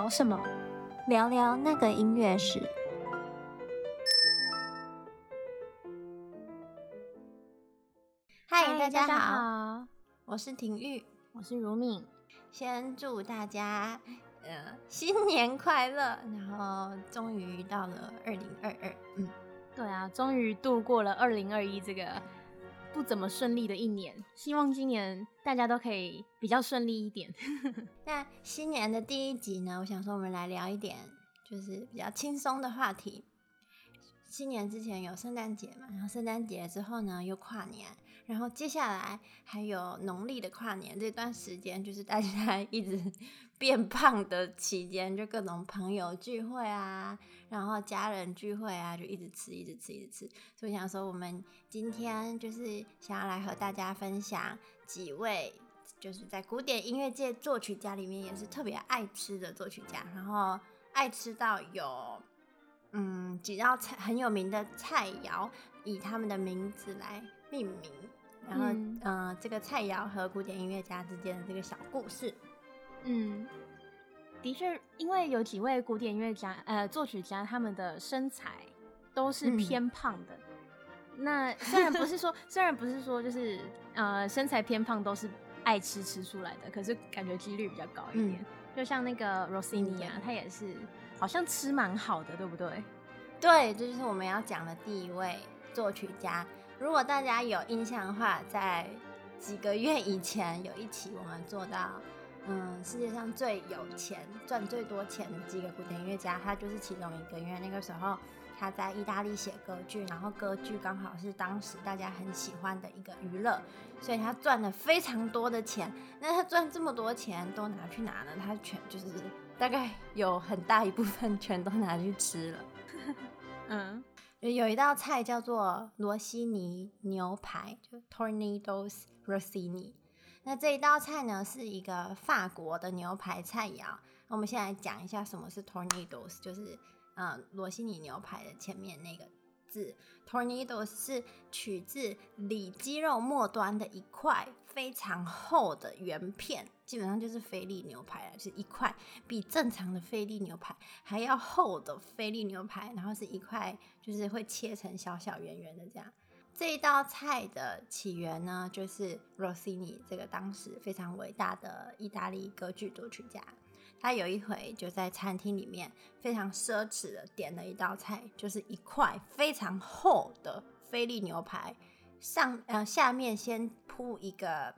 聊什麼？聊聊那個音樂史。嗨，Hi, 大家好，我是婷玉，我是如敏。先祝大家呃新年快樂，然後終於到了二零二二，嗯，對啊，終於度過了二零二一這個不怎麼順利的一年，希望今年大家都可以比較順利一點。 那新年的第一集呢？我想說，我們來聊一點就是比較輕鬆的話題。新年之前有聖誕節嘛，然後聖誕節之後呢又跨年，然後接下來還有農曆的跨年這段時間，就是大家一直。變胖的期間，就各種朋友聚會啊，然後家人聚會啊，就一直吃，一直吃，一直吃。所以想說，我們今天就是想要來和大家分享幾位，就是在古典音樂界作曲家裡面也是特別愛吃的作曲家，然後愛吃到有嗯幾道菜很有名的菜餚，以他們的名字來命名，然後嗯、呃、這個菜餚和古典音樂家之間的這個小故事。嗯，的確，因為有幾位古典音樂家，呃，作曲家，他們的身材都是偏胖的。嗯、那雖然不是說， 雖然不是說，就是呃，身材偏胖都是愛吃吃出來的，可是感覺幾率比較高一點。嗯、就像那個 Rossini 啊，他也是，好像吃蠻好的，對不對？對，這就是我們要講的第一位作曲家。如果大家有印象的話，在幾個月以前有一期我們做到。嗯，世界上最有錢、賺最多錢的幾個古典音樂家，他就是其中一個。因為那個時候他在意大利寫歌劇，然後歌劇剛好是當時大家很喜歡的一個娛樂，所以他賺了非常多的錢。那他賺這麼多錢都拿去哪了？他全就是大概有很大一部分全都拿去吃了。 嗯，有一道菜叫做羅西尼牛排，就 Tournedos Rossini。那這一道菜呢，是一個法國的牛排菜肴。那我們先來講一下什麼是 Tournedos 就是嗯，羅西尼牛排的前面那個字。Tournedos 是取自里肌肉末端的一塊非常厚的圓片，基本上就是菲力牛排了，就是一塊比正常的菲力牛排還要厚的菲力牛排，然後是一塊就是會切成小小圓圓的這樣。這一道菜的起源呢，就是 Rossini 這個當時非常偉大的意大利歌劇作曲家，他有一回就在餐廳裡面非常奢侈的點了一道菜，就是一塊非常厚的菲力牛排，上，呃，下面先鋪一個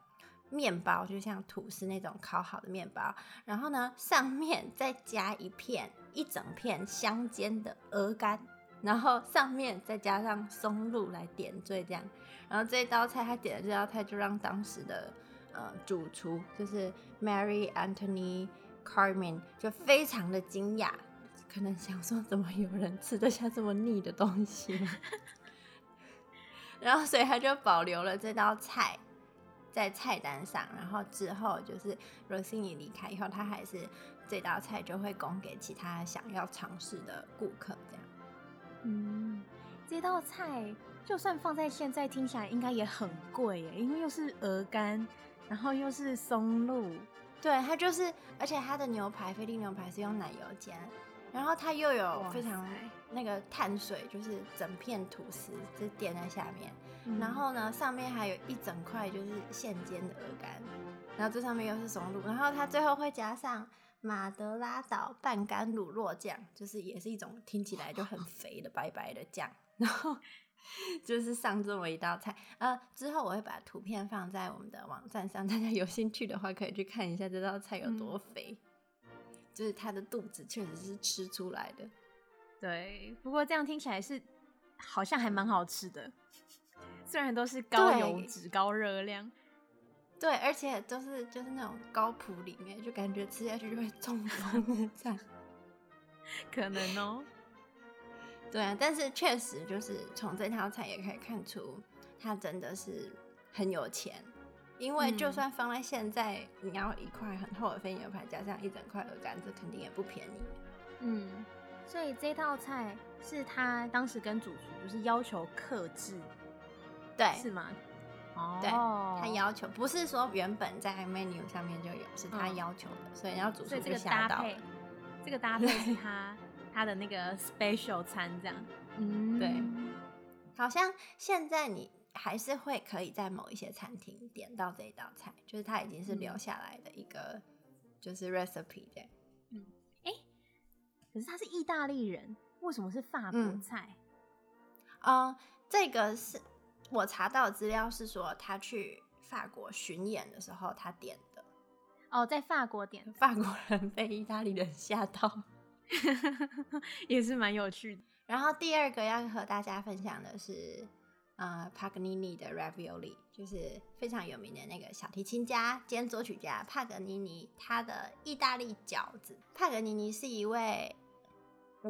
麵包，就像吐司那種烤好的麵包，然後呢上面再加一片一整片香煎的鵝肝。然後上面再加上松露來點綴，這樣，然後這道菜他點的這道菜就讓當時的呃主廚就是 Mary Anthony Carmen 就非常的驚訝，可能想說怎麼有人吃得下這麼膩的東西，然後所以他就保留了這道菜在菜單上，然後之後就是 Rossini 離開以後，他還是這道菜就會供給其他想要嘗試的顧客這樣。嗯，這道菜就算放在現在聽起來應該也很貴耶，因為又是鵝肝，然後又是松露，對，它就是，而且它的牛排菲力牛排是用奶油煎，然後它又有非常，哇塞，那個碳水，就是整片吐司，就是墊在下面，然後呢上面還有一整塊就是現煎的鵝肝，然後這上面又是松露，然後它最後會加上。馬德拉島半乾乳酪醬，就是也是一種聽起來就很肥的白白的醬，哇然後就是上這麼一道菜。呃，之後我會把圖片放在我們的網站上，大家有興趣的話可以去看一下這道菜有多肥，嗯、就是它的肚子確實是吃出來的。對，不過這樣聽起來是好像還蠻好吃的，雖然都是高油脂、對高熱量。對，而且都是就是那種高嘌呤，就感覺吃下去就會中風的這樣可能哦。對啊，但是確實就是從這套菜也可以看出，他真的是很有錢，因為就算放在現在，你要一塊很厚的肥牛排，加上一整塊鵝肝，這肯定也不便宜。嗯，所以這套菜是他當時跟主廚就是要求克制，對，是嗎？對，他要求不是說原本在 menu 上面就有，是他要求的，嗯、所以要主廚這個搭配，這個搭配是他對他的那個 special 餐這樣。嗯，對，好像現在你還是會可以在某一些餐廳點到這一道菜，就是他已經是留下來的一個就是 recipe 對。嗯、欸，可是他是意大利人，為什麼是法國菜？嗯、呃，這個是。我查到的資料是說，他去法國巡演的時候，他點的哦，oh, 在法國點的，法國人被意大利人嚇到， 也是蠻有趣的。然後第二個要和大家分享的是，呃，帕格尼尼的 Ravioli，就是非常有名的那個小提琴家兼作曲家帕格尼尼，他的意大利餃子。帕格尼尼是一位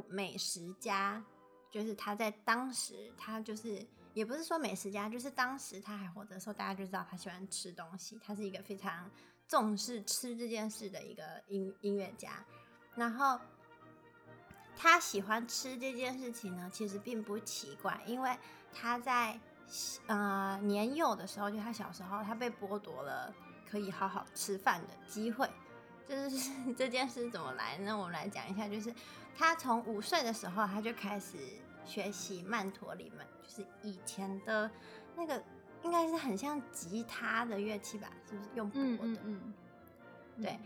美食家，就是他在當時，他就是。也不是說美食家，就是當時他還活着的時候，大家就知道他喜歡吃東西。他是一個非常重視吃這件事的一個音音樂家。然後他喜歡吃這件事情呢，其實並不奇怪，因為他在呃年幼的時候，就他小時候，他被剝奪了可以好好吃飯的機會。就是這件事怎麼來呢？我們來講一下，就是他從五歲的時候，他就開始學習曼陀林。就是以前的那個，應該是很像吉他的樂器吧？是不是用撥的嗯？嗯，嗯，對。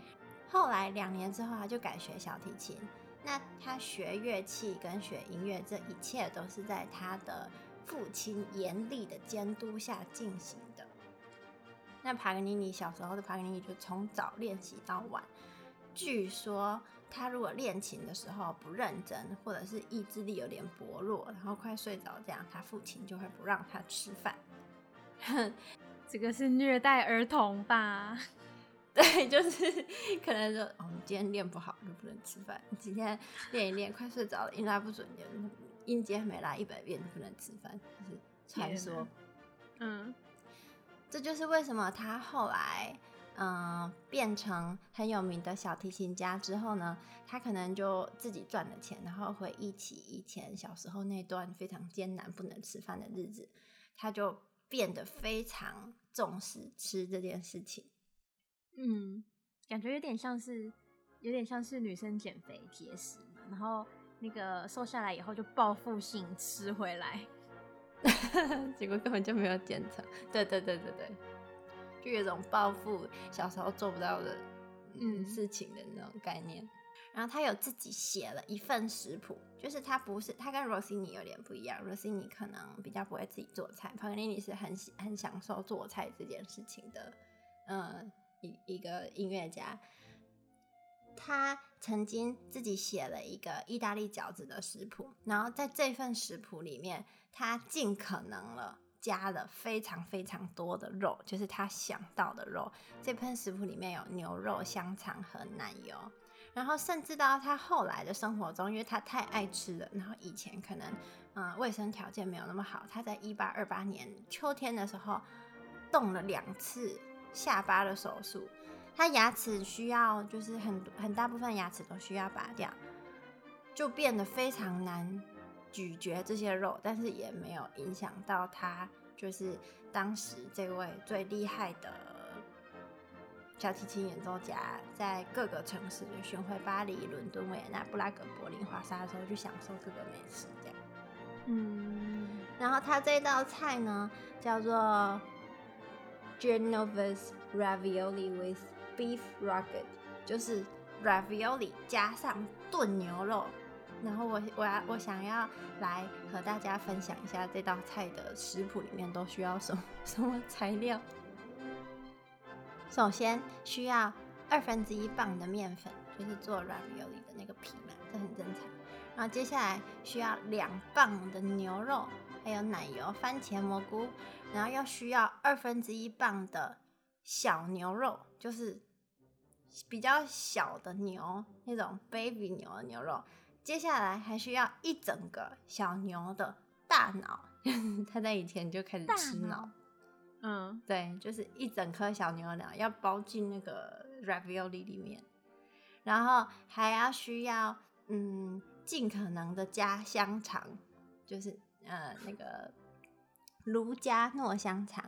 後來兩年之後，他就改學小提琴。那他學樂器跟學音樂，這一切都是在他的父親嚴厲的監督下進行的。那帕格尼尼小時候的帕格尼尼，就從早練習到晚。據說他如果練琴的時候不認真，或者是意志力有點薄弱，然後快睡着這樣，他父親就會不讓他吃飯。哼， 這個是虐待兒童吧？ 對，就是可能說我們今天練不好就不能吃飯，今天練一練 快睡着了，音拉不準就音階沒拉一百遍，嗯、不能吃飯，就是傳說。嗯，這就是為什麼他後來。嗯、呃，變成很有名的小提琴家之後呢，他可能就自己賺了錢，然後回憶起以前小時候那段非常艱難、不能吃飯的日子，他就變得非常重視吃這件事情。嗯，感覺有點像是，有點像是女生減肥節食，然後那個瘦下來以後就報復性吃回來， 結果根本就沒有減成。對對對對對。有一種報復小時候做不到的嗯事情的那種概念，然後他有自己寫了一份食譜，就是他不是他跟 Rossini 有點不一樣，Rossini 可能比較不會自己做菜 Puccini 是很喜很享受做菜這件事情的，嗯，一一個音樂家，他曾經自己寫了一個意大利餃子的食譜，然後在這份食譜裡面，他盡可能了。加了非常非常多的肉，就是他想到的肉。這盆食譜裡面有牛肉、香腸和奶油。然後甚至到他後來的生活中，因為他太愛吃了。然後以前可能，嗯、呃，衛生條件沒有那麼好。他在一八二八年秋天的時候，動了兩次下巴的手術。他牙齒需要，就是很很大部分牙齒都需要拔掉，就變得非常難。咀嚼這些肉，但是也沒有影響到他，就是當時這位最厲害的小提琴演奏家，在各個城市就巡回巴黎、倫敦、維也納、布拉格、柏林、華沙的時候，去享受各個美食這樣。嗯，然後他這道菜呢叫做，Genovese Ravioli with Beef Ragout 就是 Ravioli 加上燉牛肉。然後我我要、啊、我想要來和大家分享一下這道菜的食譜，裡面都需要什麼什麼材料。首先需要二分之一磅的麵粉，就是做 ravioli 的那個皮嘛，這很正常。然後接下來需要兩磅的牛肉，還有奶油、番茄、蘑菇。然後要需要二分之一磅的小牛肉，就是比較小的牛那種 baby 牛的牛肉。接下來還需要一整個小牛的大腦，它 在以前就開始吃腦，嗯，對，就是一整顆小牛的腦要包進那個 ravioli 裡面，然後還要需要嗯盡可能的加香腸，就是呃那個盧加諾香腸，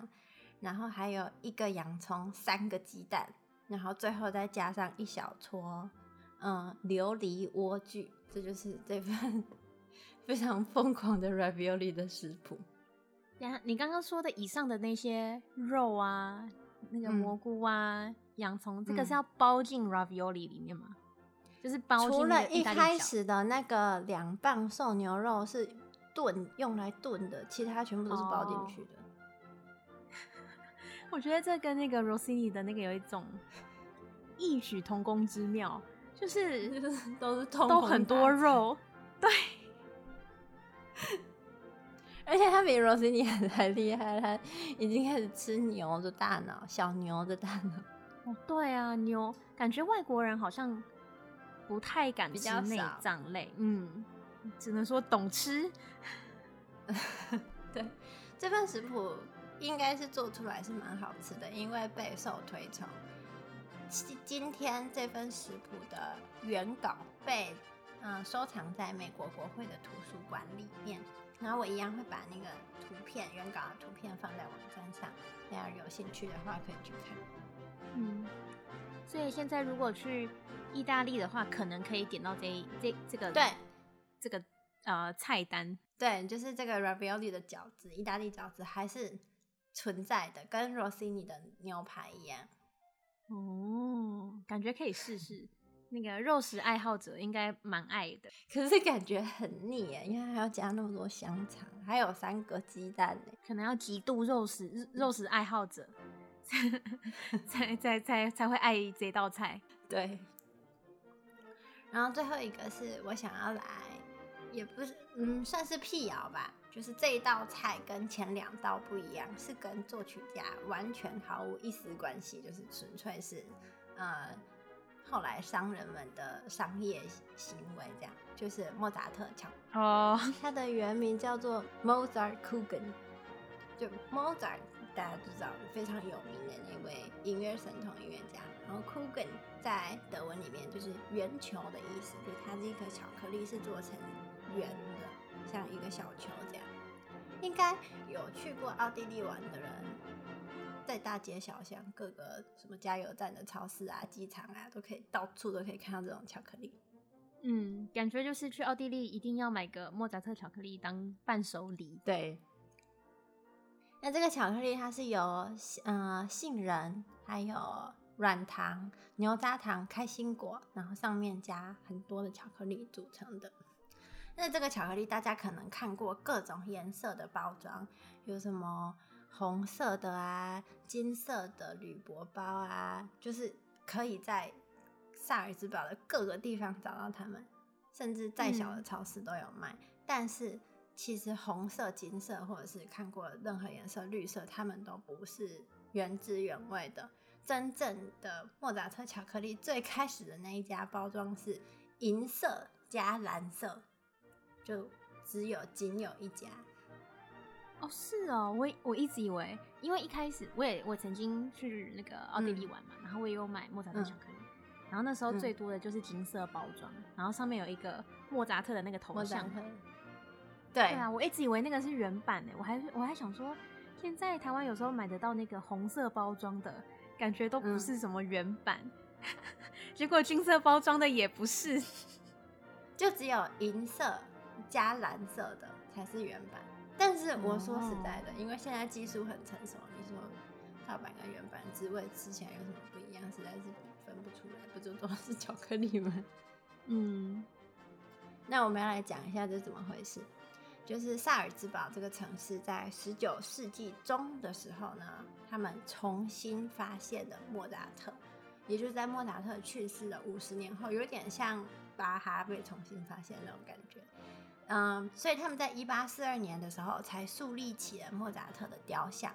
然後還有一個洋蔥，三個雞蛋，然後最後再加上一小撮嗯、呃、琉璃萵苣。這就是這份非常瘋狂的 ravioli 的食譜。你剛剛說的以上的那些肉啊、那個蘑菇啊、嗯、洋蔥，這個是要包進 ravioli 裡面嗎？嗯、就是包。除了一開始的那個兩磅瘦牛肉是燉用來燉的，其他全部都是包進去的。哦、 我覺得這跟那個 Rossini 的那個有一種異曲同工之妙。就是就是 都是痛都很多肉。 對， 而且他比羅西尼還還厲害，他已經開始吃牛的大腦，小牛的大腦。哦，對啊，牛感覺外國人好像不太敢吃內臟類，嗯，只能說懂吃。 對，這份食譜應該是做出來是蠻好吃的，因為備受推崇。今天這份食譜的原稿被嗯、呃、收藏在美國國會的圖書館裡面，然後我一樣會把那個圖片原稿的圖片放在網站上，大家有興趣的話可以去看。嗯，所以現在如果去意大利的話，可能可以點到這這這個對這個呃菜單對，就是這個 Ravioli 的餃子，意大利餃子還是存在的，跟 Rossini 的牛排一樣。哦、嗯，感覺可以試試。那個肉食愛好者應該蠻愛的，可是感覺很膩哎，因為還要加那麼多香腸，還有三個雞蛋，可能要極度肉食肉食愛好者 才才才才才會愛這道菜。對，然後最後一個是我想要來，也不是，嗯，算是闢謠吧。就是這一道菜跟前兩道不一樣，是跟作曲家完全毫無一絲關係，就是純粹是，呃，後來商人們的商業行為這樣。就是莫扎特巧哦，oh。他的原名叫做 Mozart Kugel，就 Mozart 大家都知道非常有名的那位音樂神童音樂家。然後 Kugel 在德文裡面就是圓球的意思，就是他這顆巧克力是做成圓的。像一個小球這樣，應該有去過奧地利玩的人，在大街小巷、各個什麼加油站的超市啊、機場啊，都可以到處都可以看到這種巧克力。嗯，感覺就是去奧地利一定要買個莫扎特巧克力當伴手禮。對，那這個巧克力它是由呃杏仁、還有軟糖、牛軋糖、開心果，然後上面加很多的巧克力組成的。那這個巧克力，大家可能看過各種顏色的包裝，有什麼紅色的啊、金色的鋁箔包啊，就是可以在薩爾茲堡的各個地方找到它們，甚至再小的超市都有賣。嗯、但是其實紅色、金色或者是看過任何顏色，綠色，它們都不是原汁原味的。真正的莫扎特巧克力最開始的那一家包裝是銀色加藍色。就只有僅有一家，哦，是哦，我我一直以為，因為一開始我也我曾經去那個奧地利玩嘛，嗯、然後我也有買莫扎特巧克力，嗯、然後那時候最多的就是金色包裝，嗯、然後上面有一個莫扎特的那個頭像，對，對啊，我一直以為那個是原版誒、欸，我還我還想說，現在台灣有時候買得到那個紅色包裝的感覺都不是什麼原版，嗯、 結果金色包裝的也不是，就只有銀色。加藍色的才是原版，但是我說實在的，oh. 因為現在技術很成熟，你說盜版跟原版滋味吃起來有什麼不一樣？實在是分不出來，不就都是巧克力嗎？嗯，mm. 那我們要來講一下這是怎麼回事，就是薩爾茲堡這個城市在十九世紀中的時候呢，他們重新發現了莫扎特，也就是在莫扎特去世了五十年後，有點像巴哈被重新發現那種感覺。嗯，um, 所以他們在一八四二年的時候才樹立起了莫扎特的雕像。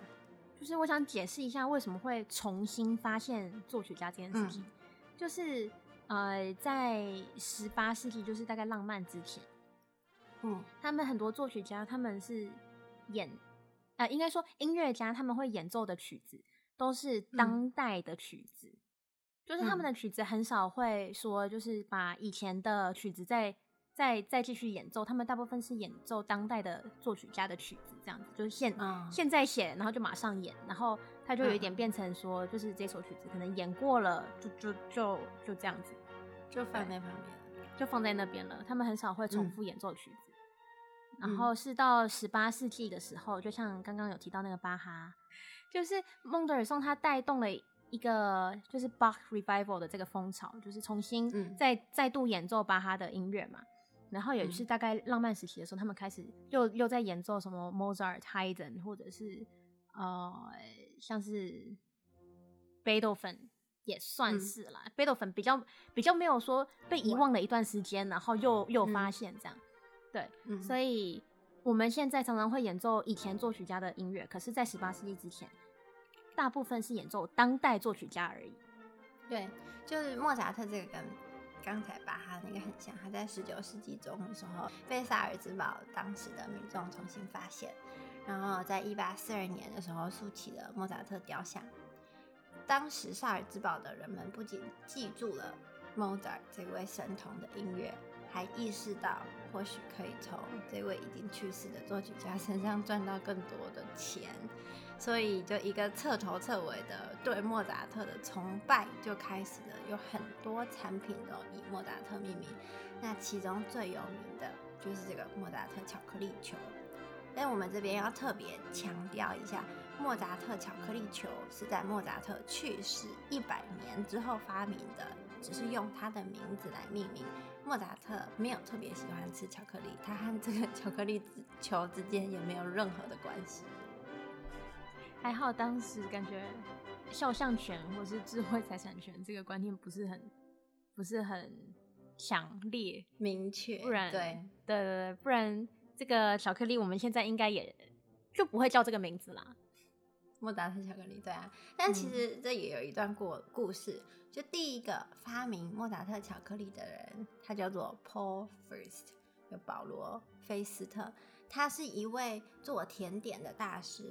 就是我想解釋一下為什麼會重新發現作曲家這件事情。嗯、就是呃，在十八世紀，就是大概浪漫之前，嗯，他們很多作曲家，他們是演，呃，應該說音樂家，他們會演奏的曲子都是當代的曲子，嗯、就是他們的曲子很少會說，就是把以前的曲子在。再再繼續演奏，他們大部分是演奏當代的作曲家的曲子，這樣子就是現、嗯、現在寫，然後就馬上演，然後他就有一點變成說，嗯、就是這首曲子可能演過了，就就就就這樣子，就放在旁邊，放在那邊了就放在那邊了。他們很少會重複演奏曲子。嗯、然後是到十八世紀的時候，就像剛剛有提到那個巴哈，就是孟德爾松他帶動了一個就是 Bach Revival 的這個風潮，就是重新再、嗯、再度演奏巴哈的音樂嘛。然後也就是大概浪漫時期的時候，嗯、他們開始又又在演奏什麼 Mozart、Haydn 或者是呃，像是貝多芬，Beethoven，也算是啦。貝多芬比較比較沒有說被遺忘了一段時間，然後又又發現這樣。嗯、對，嗯、所以我們現在常常會演奏以前作曲家的音樂，嗯、可是，在十八世紀之前，大部分是演奏當代作曲家而已。對，就是莫扎特這個跟。剛才把他那個很像，他在十九世紀中的時候，被薩爾茨堡當時的民眾重新發現，然後在一八四二年的時候豎起了莫扎特雕像。當時薩爾茨堡的人們不僅記住了莫扎特這位神童的音樂，還意識到或許可以從這位已經去世的作曲家身上賺到更多的錢。所以，就一個徹頭徹尾的對莫扎特的崇拜就開始了，有很多產品都以莫扎特命名。那其中最有名的就是這個莫扎特巧克力球。但我們這邊要特別強調一下，莫扎特巧克力球是在莫扎特去世一百年之後發明的，只是用他的名字來命名。莫扎特沒有特別喜歡吃巧克力，他和這個巧克力球之間也沒有任何的關係。還好當時感覺，肖像權或是智慧財產權這個觀念不是很，不是很強烈明確，不然對對，不然這個巧克力我們現在應該也就不會叫這個名字啦。莫達特巧克力，對啊，但其實這也有一段故、嗯、故事，就第一個發明莫達特巧克力的人，他叫做 Paul Fürst，有保羅·菲斯特，他是一位做甜點的大師。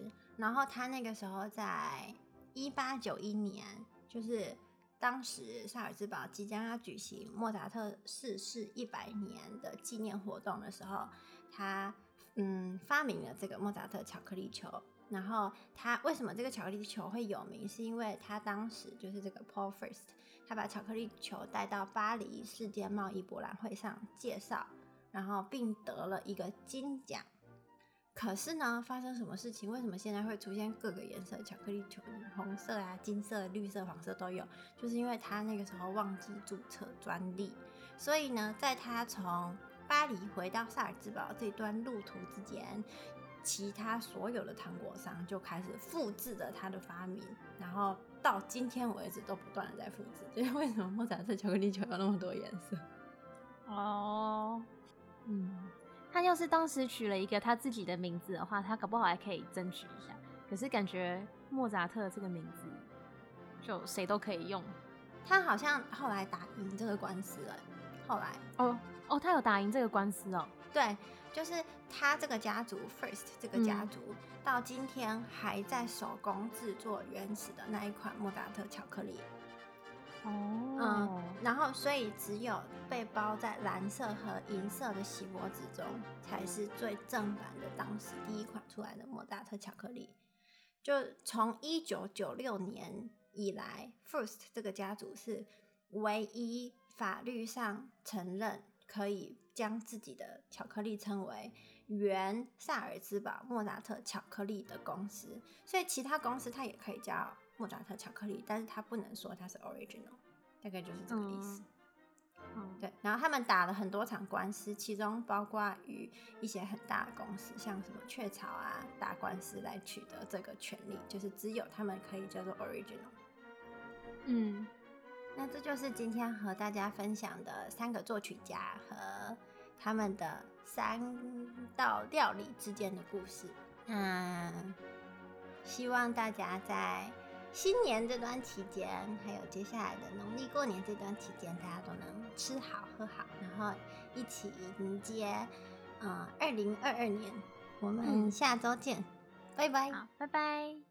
然後他那個時候在一八九一年，就是當時薩爾茨堡即將要舉行莫扎特逝世一百年的紀念活動的時候，他嗯發明了這個莫扎特巧克力球。然後他為什麼這個巧克力球會有名？是因為他當時就是這個 Paul f i r s t 他把巧克力球帶到巴黎世界貿易博覽會上介紹，然後並得了一個金獎。可是呢，發生什麼事情？為什麼現在會出現各個顏色巧克力球？紅色啊，金色、綠色、黃色都有，就是因為他那個時候忘記註冊專利，所以呢，在他從巴黎回到薩爾茲堡這段路途之間，其他所有的糖果商就開始複製了他的發明，然後到今天為止都不斷的在複製。所以為什麼莫札特巧克力球有那麼多顏色？哦，oh. 嗯。他要是當時取了一個他自己的名字的話，他搞不好還可以爭取一下。可是感覺莫扎特這個名字，就誰都可以用。他好像後來打贏這個官司了，後來哦、嗯、哦，他有打贏這個官司哦。對，就是他這個家族，First 這個家族，嗯、到今天還在手工制作原始的那一款莫扎特巧克力。哦，oh. 嗯，然後所以只有被包在藍色和銀色的錫箔紙中，才是最正版的。當時第一款出來的莫扎特巧克力，就從一九九六年以來，First 這個家族是唯一法律上承認可以將自己的巧克力稱為原薩爾茲堡莫扎特巧克力的公司，所以其他公司它也可以叫。莫扎特巧克力，但是他不能說他是 original，大概就是這個意思。嗯，對。然後他們打了很多場官司，其中包括與一些很大的公司，像什麼雀巢啊，打官司來取得這個權利，就是只有他們可以叫做 original。嗯，那這就是今天和大家分享的三個作曲家和他們的三道料理之間的故事。嗯，希望大家在新年這段期間，還有接下來的農曆過年這段期間，大家都能吃好喝好，然後一起迎接，嗯，呃，二零二二年。我們下周見，嗯，拜拜。好，拜拜。